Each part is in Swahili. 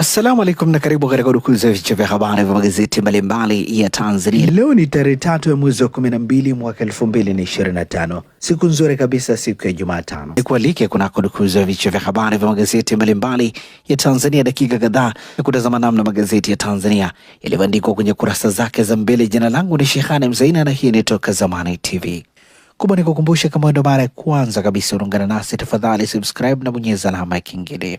Assalamu alaikum na karibu katika udukuzi ya vichwa vya habari vya magazeti mbalimbali ya Tanzania. Leo ni tarehe tatu ya mwezi wa 12 mwaka 2025, siku nzuri kabisa, siku ya Jumatano. kualike kunako dukuzi ya vichwa vya habari vya magazeti mbalimbali ya Tanzania, dakika kadhaa ya kutazama namna magazeti ya Tanzania yalivyoandikwa kwenye kurasa zake za mbele. Jina langu ni Shehane Mzaina na hii ni Toka Zamani TV. Kubwa ni kukumbusha, kama ndo mara ya kwanza kabisa unaungana nasi, tafadhali subscribe na bonyeza alama ya kengele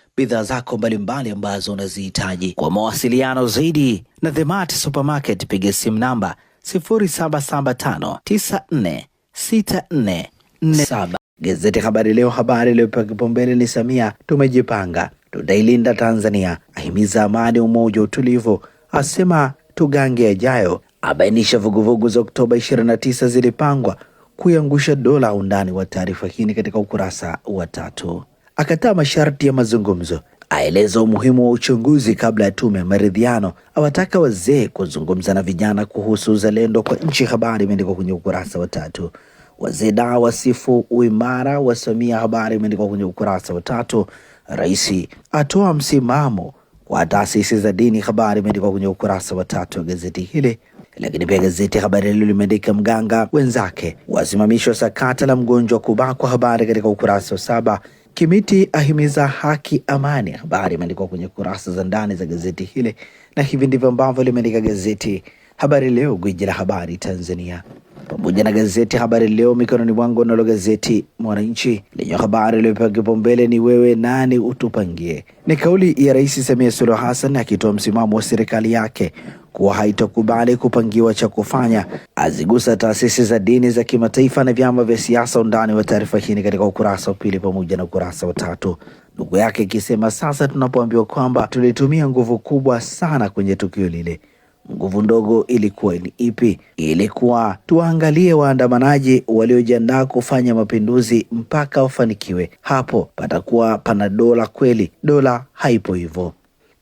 bidhaa zako mbalimbali ambazo unazihitaji. Kwa mawasiliano zaidi na The Mart Supermarket, piga simu namba 0775946447. Gazeti Habari Leo, habari iliyopewa kipaumbele ni Samia, tumejipanga tutailinda Tanzania, ahimiza amani, umoja, utulivu, asema tugange yajayo, abainisha vuguvugu za Oktoba 29 zilipangwa kuiangusha dola. Undani wa taarifa hii ni katika ukurasa wa tatu akataa masharti ya mazungumzo, aeleza umuhimu wa uchunguzi kabla ya tume ya maridhiano, awataka wazee kuzungumza na vijana kuhusu uzalendo kwa nchi. Habari imeandikwa kwenye ukurasa wa tatu. Wazee da wasifu uimara wa Samia, habari imeandikwa kwenye ukurasa wa tatu. Rais atoa msimamo kwa taasisi za dini, habari imeandikwa kwenye ukurasa wa tatu wa gazeti hili. Lakini pia gazeti Habari Leo limeandika mganga wenzake wasimamishwa sakata la mgonjwa kubakwa, habari katika ukurasa wa saba. Kimiti ahimiza haki, amani. Habari imeandikwa kwenye kurasa za ndani za gazeti hili, na hivi ndivyo ambavyo limeandika gazeti Habari Leo, gwiji la habari Tanzania, pamoja na gazeti Habari Leo mikononi mwangu. Nalo gazeti Mwananchi lenye habari iliyopewa kipaumbele ni wewe nani utupangie. Ni kauli ya Rais Samia Suluhu Hassan akitoa msimamo wa serikali yake kuwa haitakubali kupangiwa cha kufanya, azigusa taasisi za dini za kimataifa na vyama vya siasa. Undani wa taarifa hii ni katika ukurasa wa pili pamoja na ukurasa wa tatu, ndugu yake ikisema sasa tunapoambiwa kwamba tulitumia nguvu kubwa sana kwenye tukio lile nguvu ndogo ilikuwa ni ipi? Ilikuwa tuwaangalie waandamanaji waliojiandaa kufanya mapinduzi mpaka wafanikiwe. Hapo patakuwa pana dola kweli? Dola haipo hivyo.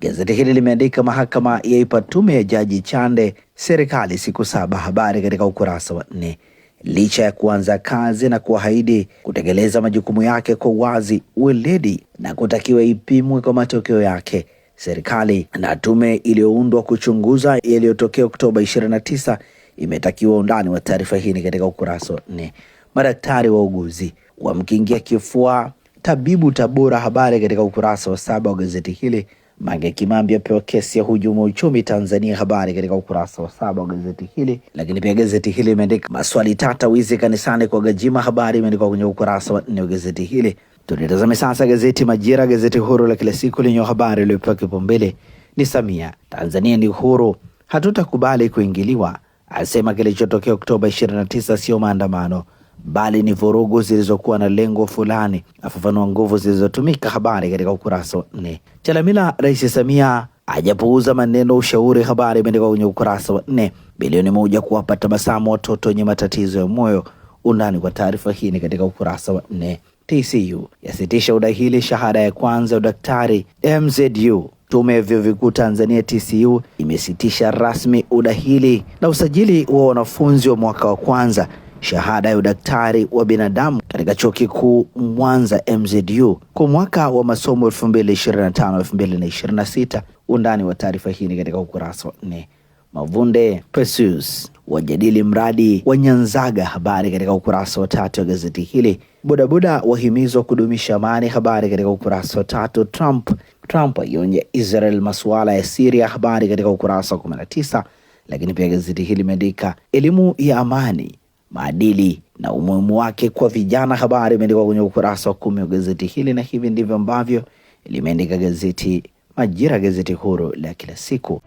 Gazeti hili limeandika mahakama yaipa tume ya Jaji Chande serikali siku saba, habari katika ukurasa wa nne. Licha ya kuanza kazi na kuahidi kutekeleza majukumu yake kwa uwazi, weledi na kutakiwa ipimwe kwa matokeo yake, serikali na tume iliyoundwa kuchunguza yaliyotokea Oktoba 29 imetakiwa. Undani wa taarifa hii ni katika ukurasa wa nne. Madaktari wa uguzi wamkingia kifua tabibu Tabora, habari katika ukurasa wa saba wa gazeti hili Mange Kimambi apewa kesi ya hujumu uchumi Tanzania. Habari katika ukurasa wa saba wa gazeti hili. Lakini pia gazeti hili imeandika maswali tata, wizi kanisani kwa gajima Habari imeandikwa kwenye ukurasa wa nne wa gazeti hili. Tulitazame sasa gazeti Majira, gazeti huru la kila siku lenye habari iliyopewa kipaumbele ni Samia, Tanzania ni huru, hatutakubali kuingiliwa, asema kilichotokea Oktoba 29 sio maandamano bali ni vurugu zilizokuwa na lengo fulani. Afafanua nguvu zilizotumika. Habari katika ukurasa wa nne. Chalamila, Rais Samia ajapuuza maneno ushauri. Habari imeandikwa kwenye ukurasa wa nne. Bilioni moja kuwapa tabasamu watoto wenye matatizo ya moyo. Undani kwa taarifa hii ni katika ukurasa wa nne. TCU yasitisha udahili shahada ya kwanza ya udaktari MZU. Tume ya vyuo vikuu Tanzania TCU imesitisha rasmi udahili na usajili wa wanafunzi wa mwaka wa kwanza shahada ya udaktari wa binadamu katika chuo kikuu Mwanza MZU kwa mwaka wa masomo 2025 2026. Undani wa taarifa hii ni katika ukurasa wa nne. Mavunde Pesus wajadili mradi wa Nyanzaga, habari katika ukurasa wa tatu wa gazeti hili. Bodaboda wahimizwa kudumisha amani, habari katika ukurasa wa tatu. Trump Trump aionya Israel masuala ya Siria, habari katika ukurasa wa 19. Lakini pia gazeti hili limeandika elimu ya amani maadili na umuhimu wake kwa vijana. Habari imeandikwa kwenye ukurasa wa kumi wa gazeti hili, na hivi ndivyo ambavyo limeandika gazeti Majira, gazeti huru la kila siku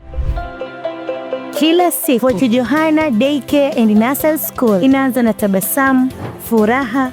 kila siku. Fort Johanna Daycare and Nursery School inaanza na tabasamu, furaha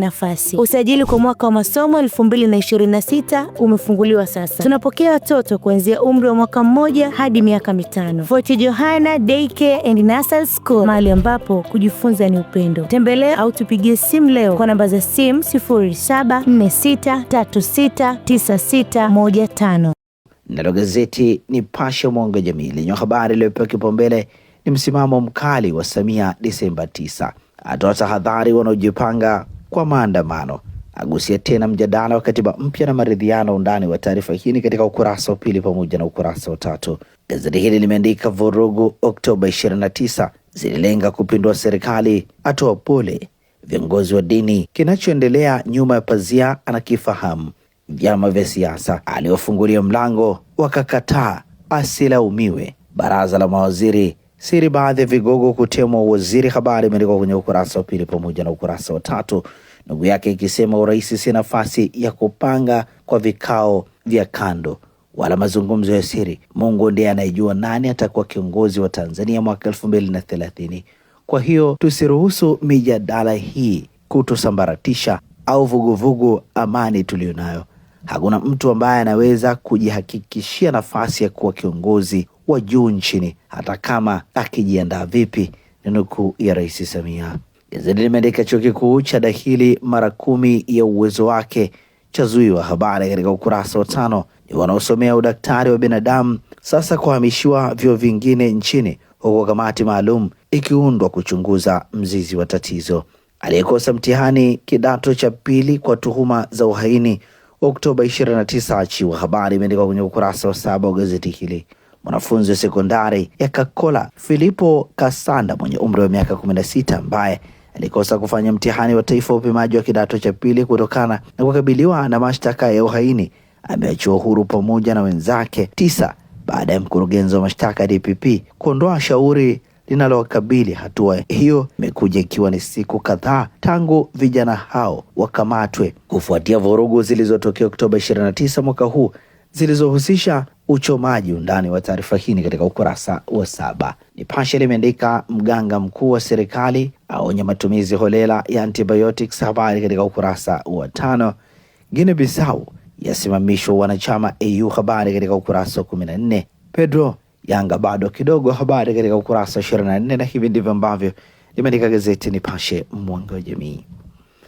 nafasi. Usajili kwa mwaka wa masomo 2026 umefunguliwa sasa. Tunapokea watoto kuanzia umri wa mwaka mmoja hadi miaka mitano. Fort Johanna Daycare and Nursery School, mahali ambapo kujifunza ni upendo. Tembelea au tupigie simu leo kwa namba za simu 0746369615. Nalo gazeti Nipashe Mwanga wa Jamii lenye habari iliyopewa kipaumbele ni msimamo mkali wa Samia Desemba 9, atoa tahadhari wanaojipanga kwa maandamano, agusia tena mjadala wa katiba mpya na maridhiano. Undani wa taarifa hii ni katika ukurasa wa pili pamoja na ukurasa wa tatu. Gazeti hili limeandika vurugu Oktoba 29 zililenga kupindua serikali, atoa pole viongozi wa dini, kinachoendelea nyuma ya pazia anakifahamu. Vyama vya siasa aliofungulia mlango wakakataa asilaumiwe. Baraza la mawaziri siri baadhi ya vigogo kutemwa waziri Habari imeandikwa kwenye ukurasa wa pili pamoja na ukurasa wa tatu, ndugu yake ikisema urais si nafasi ya kupanga kwa vikao vya kando wala mazungumzo ya siri. Mungu ndiye anayejua nani atakuwa kiongozi wa Tanzania mwaka elfu mbili na thelathini. Kwa hiyo tusiruhusu mijadala hii kutosambaratisha au vuguvugu vugu amani tuliyonayo. Hakuna mtu ambaye anaweza kujihakikishia nafasi ya kuwa kiongozi wa juu nchini hata kama akijiandaa vipi, ni nukuu ya Rais Samia. Gazeti limeandika chuo kikuu cha dahili mara kumi ya uwezo wake chazuiwa. Habari katika ukurasa wa tano ni wanaosomea udaktari wa binadamu sasa kuhamishiwa vyuo vingine nchini, huku kamati maalum ikiundwa kuchunguza mzizi wa tatizo. Aliyekosa mtihani kidato cha pili kwa tuhuma za uhaini Oktoba 29 achiwa. Habari imeandikwa kwenye ukurasa wa saba wa gazeti hili mwanafunzi wa sekondari ya Kakola Filipo Kasanda mwenye umri wa miaka 16 ambaye alikosa kufanya mtihani wa taifa wa upimaji wa kidato cha pili kutokana na kukabiliwa na mashtaka ya uhaini ameachiwa huru pamoja na wenzake tisa baada ya mkurugenzi wa mashtaka DPP kuondoa shauri linalowakabili. Hatua hiyo imekuja ikiwa ni siku kadhaa tangu vijana hao wakamatwe kufuatia vurugu zilizotokea Oktoba 29 mwaka huu zilizohusisha uchomaji. Undani wa taarifa hii ni katika ukurasa wa saba. Nipashe limeandika mganga mkuu wa serikali aonya matumizi holela ya antibiotics, habari katika ukurasa wa tano. Guinea Bissau yasimamishwa wanachama AU, habari katika ukurasa wa kumi na nne. Pedro Yanga bado kidogo, habari katika ukurasa wa ishirini na nne. Na hivi ndivyo ambavyo limeandika gazeti Nipashe mwanga wa jamii.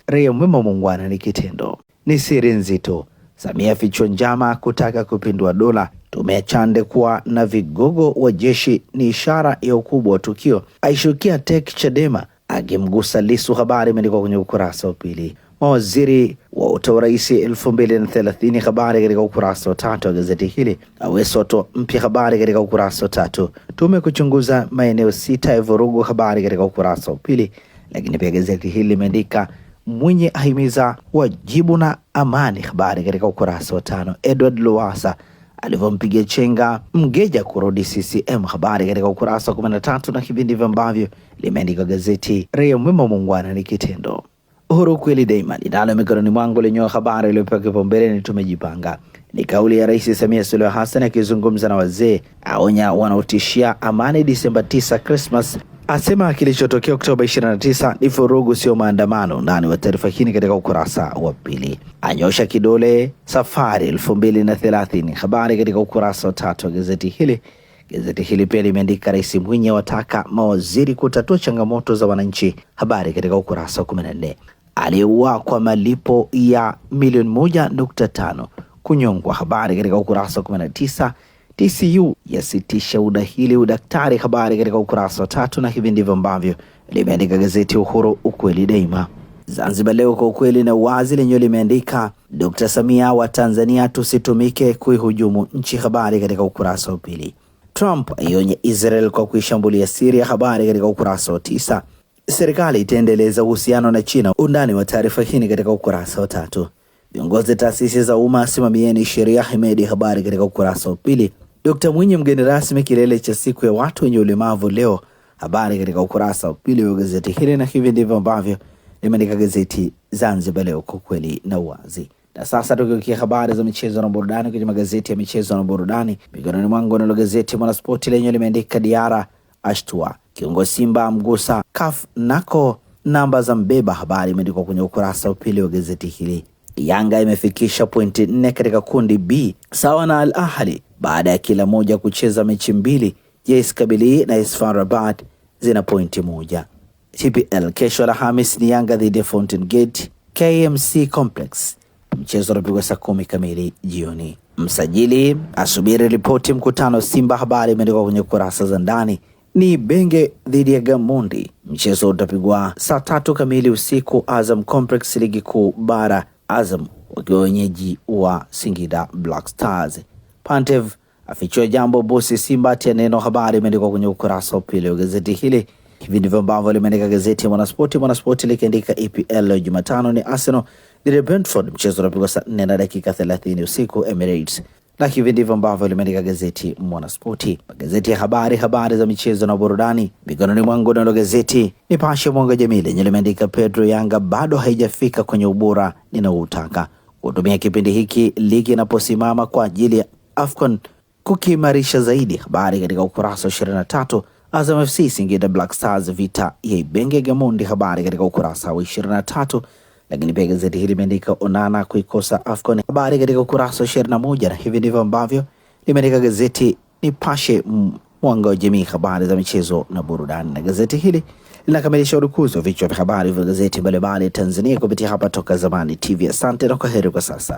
Raia mwema muungwana ni kitendo, ni siri nzito. Samia fichwa njama kutaka kupindua dola. Tume ya Chande kuwa na vigogo wa jeshi ni ishara ya ukubwa wa tukio, aishukia tek Chadema akimgusa Lisu. Habari imeandikwa kwenye ukurasa wa pili. Mawaziri wa utauraisi elfu mbili na thelathini, habari katika ukurasa wa tatu wa gazeti hili. Awesoto mpya, habari katika ukurasa wa tatu. Tume kuchunguza maeneo sita ya vurugu, habari katika ukurasa wa pili. Lakini pia gazeti hili limeandika Mwinyi ahimiza wajibu na amani, habari katika ukurasa wa tano. Edward Lowasa alivyompiga chenga Mgeja kurudi CCM. Habari katika ukurasa wa 13, na kipindi ndivyo ambavyo limeandika gazeti Raia Mwema, muungwana ni kitendo. Uhuru kweli daima ninalo mikononi mwangu, lenye habari iliyopewa kipaumbele ni tumejipanga. Ni kauli ya Rais Samia Suluhu Hassan akizungumza na wazee, aonya wanaotishia amani Disemba 9 Christmas asema kilichotokea Oktoba 29 ni vurugu, sio maandamano. Ndani wa taarifa hii katika ukurasa wa pili. Anyosha kidole safari 2030 habari katika ukurasa wa tatu wa gazeti hili. Gazeti hili pia limeandika Rais Mwinyi awataka mawaziri kutatua changamoto za wananchi, habari katika ukurasa wa 14. Aliyeua kwa malipo ya milioni 1.5 kunyongwa, habari katika ukurasa wa 19. TCU yasitisha udahili udaktari. Habari katika ukurasa wa tatu, na hivi ndivyo ambavyo limeandika gazeti Uhuru, ukweli daima. Zanzibar Leo, kwa ukweli na uwazi, lenyewe limeandika Dkt Samia wa Tanzania, tusitumike kuihujumu nchi. Habari katika ukurasa wa pili. Trump aionya Israel kwa kuishambulia Siria. Habari katika ukurasa wa tisa. Serikali itaendeleza uhusiano na China. Undani wa taarifa hii ni katika ukurasa wa tatu. Viongozi taasisi za umma asimamieni sheria Hemedi. Habari katika ukurasa wa pili. Dkt Mwinyi mgeni rasmi kilele cha siku ya watu wenye ulemavu leo. Habari katika ukurasa wa pili wa gazeti hili, na hivi ndivyo ambavyo limeandika gazeti Zanzibar Leo, kwa kweli na uwazi. Na sasa tukiukia habari za michezo na burudani kwenye magazeti ya michezo na burudani mikononi mwangu, nalo gazeti Mwanaspoti lenye limeandika Diara ashtua kiongozi Simba mgusa kaf nako namba za mbeba. Habari imeandikwa kwenye ukurasa wa pili wa gazeti hili. Yanga imefikisha pointi nne katika kundi B sawa na Al Ahli baada ya kila moja kucheza mechi mbili. JS Kabylie na AS Rabat zina pointi moja. TPL kesho Alhamis ni Yanga dhidi ya Fountain Gate KMC Complex. Mchezo unapigwa saa kumi kamili jioni. Msajili asubiri ripoti mkutano Simba. Habari imeandikwa kwenye kurasa za ndani. Ni Benge dhidi ya Gamondi, mchezo utapigwa saa tatu kamili usiku Azam Complex, ligi kuu bara Azam wakiwa wenyeji wa Singida Black Stars. Pantev afichua jambo bosi Simba atia neno. Habari imeandikwa kwenye ukurasa wa pili wa gazeti hili. Hivi ndivyo ambavyo limeandika gazeti ya Mwanaspoti. Mwanaspoti likiandika EPL leo Jumatano ni Arsenal dhidi ya Brentford, mchezo unapigwa saa 4 na dakika 30 usiku Emirates na hivi ndivyo ambavyo limeandika gazeti Mwanaspoti, magazeti ya habari, habari za michezo na burudani. Mikononi mwangu nalo gazeti Nipashe Mwanga Jamii lenye limeandika Pedro, Yanga bado haijafika kwenye ubora ninaoutaka, kutumia kipindi hiki ligi inaposimama kwa ajili ya AFCON kukiimarisha zaidi. Habari katika ukurasa wa 23. Azam FC Singida Black Stars vita ya Ibenge Gamondi, habari katika ukurasa wa tatu. Lakini pia gazeti hili limeandika Onana kuikosa AFCON, habari katika ukurasa wa ishirini na moja na hivi ndivyo ambavyo limeandika gazeti Nipashe Mwanga wa Jamii, habari za michezo na burudani. Na gazeti hili linakamilisha udukuzi wa vichwa vya habari vya gazeti mbalimbali Tanzania kupitia hapa Toka Zamani TV. Asante na heri kwa sasa.